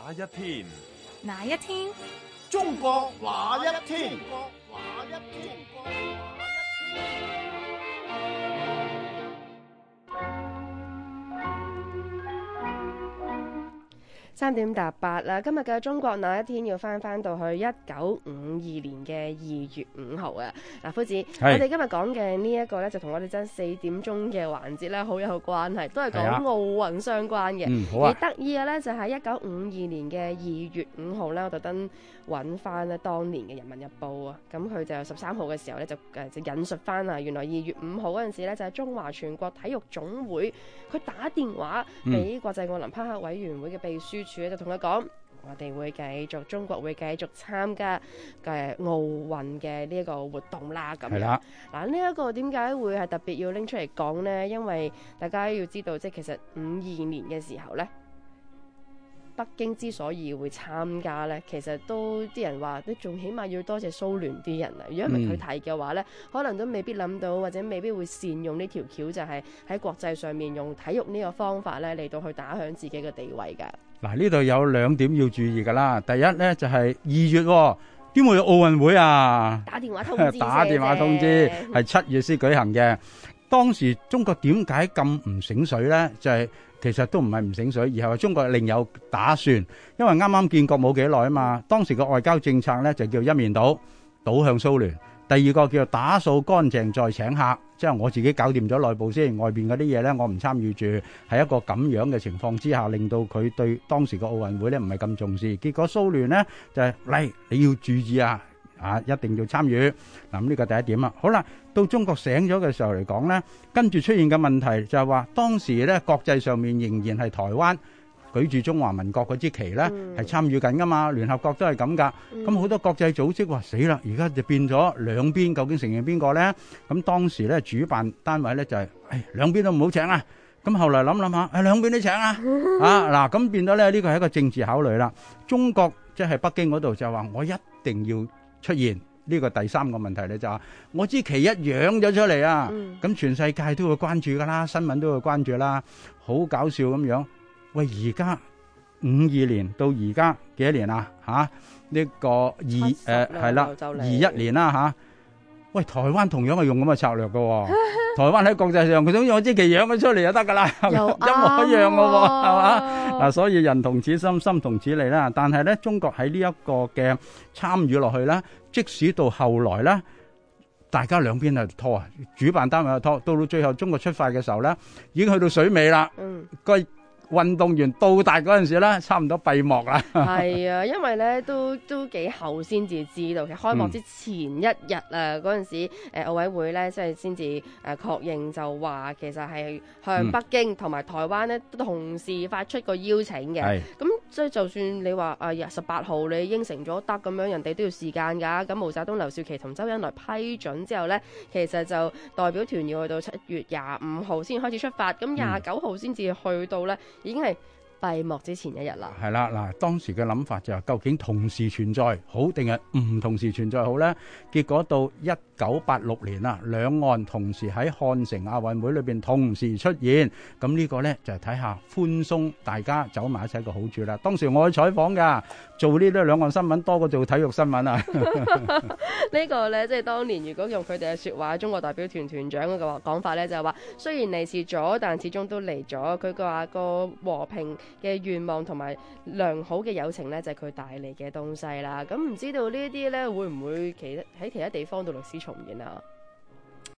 哪一天？哪一天？中國哪一天？中國哪一天？三點達八、啊、啦，今日嘅中國那一天要翻翻到去一九五二年嘅二月五號啊！嗱、啊，夫子，是我哋今日講嘅呢一個咧，就同我哋真四點鐘嘅環節咧，好有關係，都係講奧運相關嘅、啊嗯。好、啊、而得意嘅咧，就係一九五二年嘅二月五號咧，我特登揾翻咧當年嘅《人民日報》啊，咁佢就十三號嘅時候咧，就誒就引述翻啊，原來二月五號陣時時咧，就係、是、中華全國體育總會，佢打電話俾國際奧林匹克委員會嘅秘書。嗯就同佢講，我哋會繼續中國會繼續參加嘅奧運嘅呢一個活動啦。咁係啦，嗱呢一個點解會係特別要拎出嚟講呢？因為大家要知道，即係其實五二年嘅時候呢，北京之所以會參加呢，其實都啲人話你仲起碼要多謝蘇聯啲人啊。如果唔係佢睇嘅話呢，嗯、可能都未必諗到或者未必會善用呢條橋，就係、是、喺國際上面用體育呢個方法呢嚟到去打響自己嘅地位㗎。嗱，呢度有兩點要注意噶啦。第一咧，就係二月喎，點會有奧運會啊？打電話通知，打電話通知係七月先舉行嘅。當時中國點解咁唔醒水咧？就係其實都唔係唔醒水，而係話中國另有打算。因為啱啱建國冇幾耐啊嘛，當時個外交政策咧，就叫一面倒，倒向蘇聯。第二個叫做打掃乾淨再請客。即係我自己搞掂咗內部先，外邊嗰啲嘢呢，我唔參與住，喺一個咁樣嘅情況之下，令到佢對當時嘅奧運會呢唔係咁重視。結果蘇聯呢就係嚟，你要注意啊，啊一定要參與。嗱，咁呢個第一點啊。好啦，到中國醒咗嘅時候嚟講呢，跟住出現嘅問題就係話，當時呢國際上面仍然係台灣。舉住中華民國嗰支旗咧，係參與緊㗎嘛？聯合國都係咁㗎，咁好多國際組織話死啦！而家就變咗兩邊，究竟承認邊個咧？咁當時咧，主辦單位咧就係誒兩邊都唔好請啊。咁後嚟諗諗下，誒兩邊都請啊啊嗱，咁變咗咧呢個係一個政治考慮啦。中國即係北京嗰度就話我一定要出現，呢個第三個問題咧，就話我支旗一揚咗出嚟啊，咁全世界都會關注㗎啦，新聞都會關注啦，好搞笑咁樣。喂，而家五二年到而家幾多年啊？吓、這、呢個二誒係啦，二一、呃 uh，年啦吓、啊。喂，台灣同樣係用咁嘅策略嘅、哦， 台灣喺國際上佢都用支旗養咗出嚟就得噶啦，一模又 一樣嘅、哦，係嘛嗱？所以人同此心，心同此理啦。但係咧，中國喺呢一個嘅參與落去咧，即使到後來咧，大家兩邊係拖啊，主辦單位係拖，到到最後中國出發嘅時候咧，已經去到水尾啦，嗯，運動員到達嗰陣時咧，差唔多閉幕啦。係啊，因為咧都都幾後先至知道，其實開幕之前一日啊，嗰陣、嗯、時誒奧、呃、委會咧，即係先至誒確認就話其實係向北京同埋台灣咧，同時發出個邀請嘅。係。嗯即係就算你話誒十八號你應承咗得咁樣，人哋都要時間㗎。咁毛澤東、劉少奇同周恩來批准之後呢，其實就代表團要去到七月廿五號先開始出發，咁廿九號先至去到呢，已經係。閉幕之前一日啦，係啦，嗱，當時嘅諗法就係究竟同時存在好定係唔同時存在好呢？結果到一九八六年啊，兩岸同時喺漢城亞運會裏邊同時出現，咁呢個呢，就係睇下寬鬆，大家走埋一齊個好處啦。當時我去採訪㗎，做呢啲兩岸新聞多過做體育新聞啊。呢 個呢，即係當年如果用佢哋嘅説話，中國代表團團長嘅話講法呢，就係話，雖然嚟遲咗，但始終都嚟咗。佢話個和平嘅願望同埋良好嘅友情咧，就係、是、佢帶嚟嘅東西啦。咁唔知道這些呢啲咧，會唔會其他喺其他地方度歷史重現啊？